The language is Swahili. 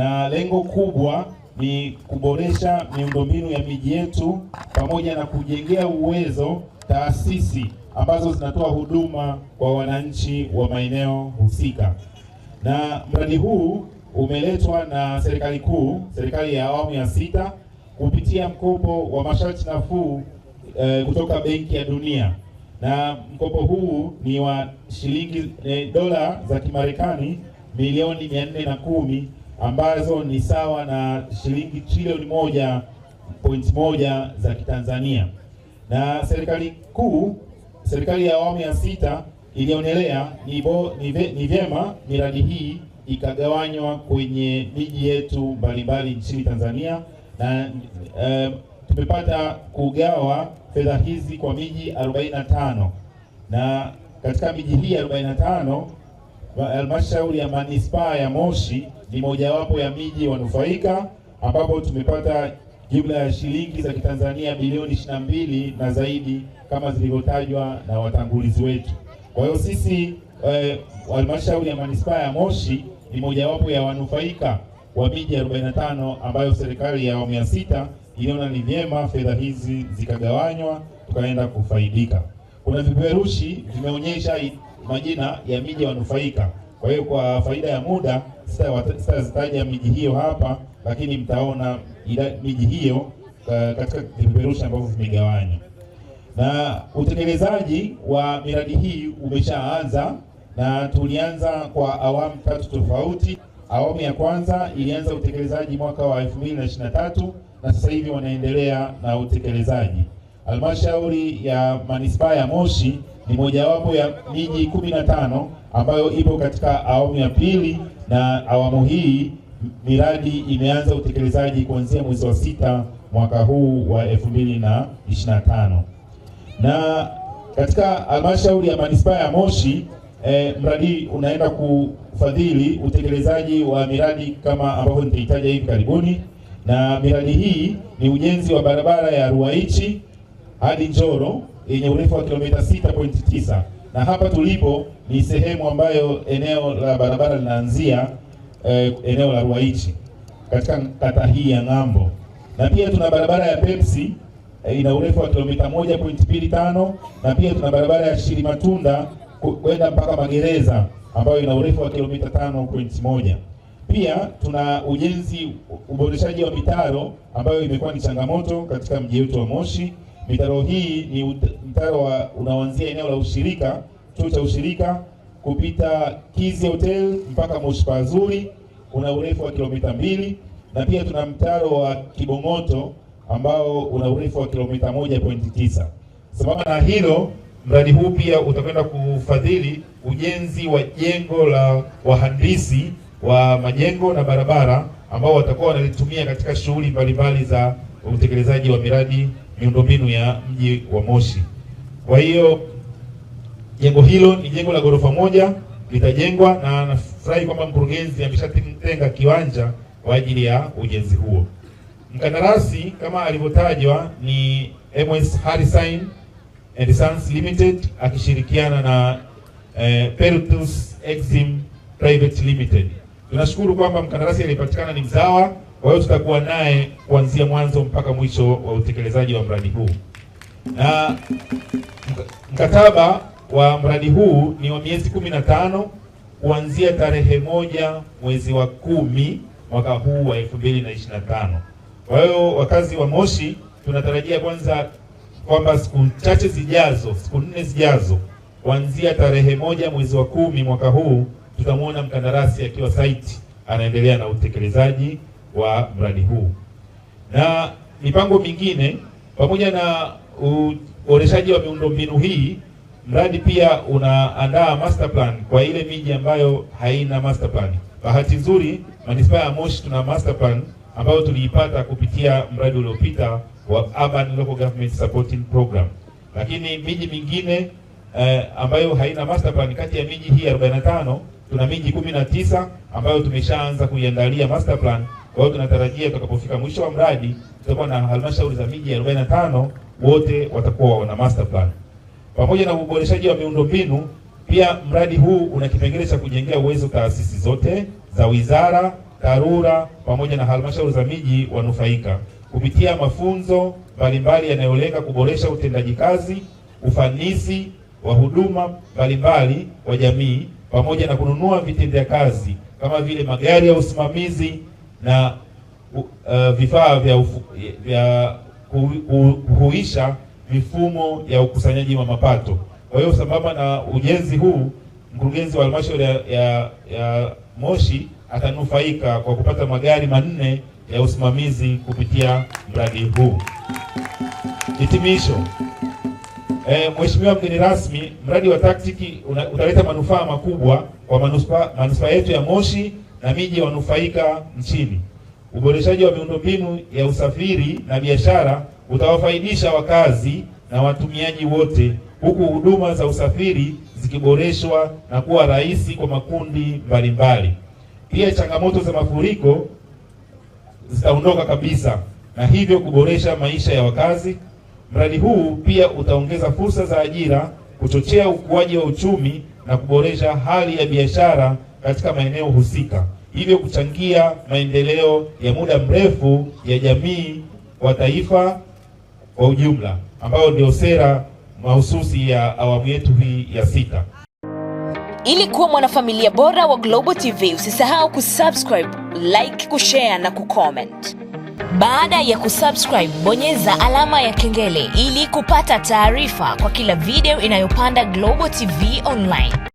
na lengo kubwa ni kuboresha miundombinu ya miji yetu pamoja na kujengea uwezo taasisi ambazo zinatoa huduma kwa wananchi wa maeneo husika. Na mradi huu umeletwa na serikali kuu, serikali ya awamu ya sita kupitia mkopo wa masharti nafuu e, kutoka Benki ya Dunia, na mkopo huu ni wa shilingi e, dola za Kimarekani milioni mia nne na kumi ambazo ni sawa na shilingi trilioni moja point moja za Kitanzania, na serikali kuu, serikali ya awamu ya sita ilionelea ni, ni, ni vyema miradi hii ikagawanywa kwenye miji yetu mbalimbali nchini Tanzania na e, tumepata kugawa fedha hizi kwa miji 45 na katika miji hii 45 Halmashauri ya manispaa ya Moshi ni mojawapo ya miji wanufaika ambapo tumepata jumla ya shilingi za Kitanzania bilioni 22 na zaidi kama zilivyotajwa na watangulizi wetu. Kwa hiyo sisi eh, halmashauri eh, ya manispaa ya Moshi ni mojawapo ya wanufaika wa miji 45 ambayo serikali ya awamu ya sita iliona ni vyema fedha hizi zikagawanywa tukaenda kufaidika. Kuna vipeperushi vimeonyesha majina ya miji wanufaika. Kwa hiyo kwa faida ya muda sitazitaja miji hiyo hapa, lakini mtaona miji hiyo katika vipeperushi ambavyo vimegawanywa. Na utekelezaji wa miradi hii umeshaanza na tulianza kwa awamu tatu tofauti. Awamu ya kwanza ilianza utekelezaji mwaka wa 2023 na sasa hivi wanaendelea na utekelezaji. Halmashauri ya Manispaa ya Moshi ni mojawapo ya miji kumi na tano ambayo ipo katika awamu ya pili, na awamu hii miradi imeanza utekelezaji kuanzia mwezi wa sita mwaka huu wa 2025 na katika halmashauri ya manispaa ya Moshi eh, mradi unaenda kufadhili utekelezaji wa miradi kama ambavyo nitaitaja hivi karibuni, na miradi hii ni ujenzi wa barabara ya Ruaichi hadi Njoro yenye urefu wa kilomita 6.9 na hapa tulipo ni sehemu ambayo eneo la barabara linaanzia eh, eneo la ruaichi katika kata hii ya Ng'ambo, na pia tuna barabara ya Pepsi eh, ina urefu wa kilomita 1.25 na pia tuna barabara ya Shirimatunda kwenda mpaka magereza ambayo ina urefu wa kilomita 5.1. Pia tuna ujenzi uboreshaji wa mitaro ambayo imekuwa ni changamoto katika mji wetu wa Moshi. Mitaro hii ni mtaro unaoanzia eneo la ushirika, chuo cha ushirika kupita Kizi Hotel mpaka Moshi Pazuri, una urefu wa kilomita mbili, na pia tuna mtaro wa Kibong'oto ambao una urefu wa kilomita moja pointi tisa. Sambamba na hilo, mradi huu pia utakwenda kufadhili ujenzi wa jengo la wahandisi wa majengo na barabara ambao watakuwa wanalitumia katika shughuli mbalimbali za utekelezaji wa miradi miundombinu ya mji wa Moshi. Kwa hiyo jengo hilo ni jengo la ghorofa moja litajengwa, na nafurahi kwamba mkurugenzi ameshatenga kiwanja kwa ajili ya ujenzi huo. Mkandarasi kama alivyotajwa ni MS Harrison and Sons Limited akishirikiana na eh, Pertus Exim Private Limited. Tunashukuru kwamba mkandarasi aliyepatikana ni mzawa kwa hiyo tutakuwa naye kuanzia mwanzo mpaka mwisho wa utekelezaji wa mradi huu, na mkataba wa mradi huu ni wa miezi kumi na tano kuanzia tarehe moja mwezi wa kumi mwaka huu wa 2025. Kwa hiyo wakazi wa Moshi tunatarajia kwanza kwamba siku chache zijazo, siku nne zijazo, kuanzia tarehe moja mwezi wa kumi mwaka huu tutamwona mkandarasi akiwa site anaendelea na utekelezaji wa mradi huu na mipango mingine pamoja na uboreshaji wa miundombinu hii. Mradi pia unaandaa master plan kwa ile miji ambayo haina master plan. Bahati nzuri manispaa ya Moshi tuna master plan ambayo tuliipata kupitia mradi uliopita wa Urban Local Government Supporting Program, lakini miji mingine eh, ambayo haina master plan, kati ya miji hii 45 tuna miji 19 ambayo tumeshaanza kuiandalia master plan kwa hiyo tunatarajia tutakapofika mwisho wa mradi tutakuwa na halmashauri za miji 45 wote watakuwa wana master plan. Pamoja na uboreshaji wa miundombinu, pia mradi huu una kipengele cha kujengea uwezo taasisi zote za wizara, TARURA pamoja na halmashauri za miji wanufaika kupitia mafunzo mbalimbali yanayolenga kuboresha utendaji kazi, ufanisi wa huduma mbalimbali kwa jamii pamoja na kununua vitendea kazi kama vile magari ya usimamizi na uh, vifaa vya, ufu, vya kuhuisha mifumo ya ukusanyaji wa mapato. Kwa hiyo sambamba na ujenzi huu, mkurugenzi wa halmashauri ya, ya, ya Moshi atanufaika kwa kupata magari manne ya usimamizi kupitia mradi huu. Hitimisho. E, Mheshimiwa mgeni rasmi, mradi wa taktiki utaleta manufaa makubwa kwa manufaa yetu ya Moshi na miji wanufaika nchini. Uboreshaji wa miundombinu ya usafiri na biashara utawafaidisha wakazi na watumiaji wote, huku huduma za usafiri zikiboreshwa na kuwa rahisi kwa makundi mbalimbali. Pia changamoto za mafuriko zitaondoka kabisa na hivyo kuboresha maisha ya wakazi. Mradi huu pia utaongeza fursa za ajira, kuchochea ukuaji wa uchumi na kuboresha hali ya biashara katika maeneo husika, hivyo kuchangia maendeleo ya muda mrefu ya jamii wa taifa kwa ujumla, ambayo ndio sera mahususi ya awamu yetu hii ya sita. Ili kuwa mwanafamilia bora wa Global TV, usisahau kusubscribe, like, kushare na kucomment. Baada ya kusubscribe, bonyeza alama ya kengele ili kupata taarifa kwa kila video inayopanda Global TV Online.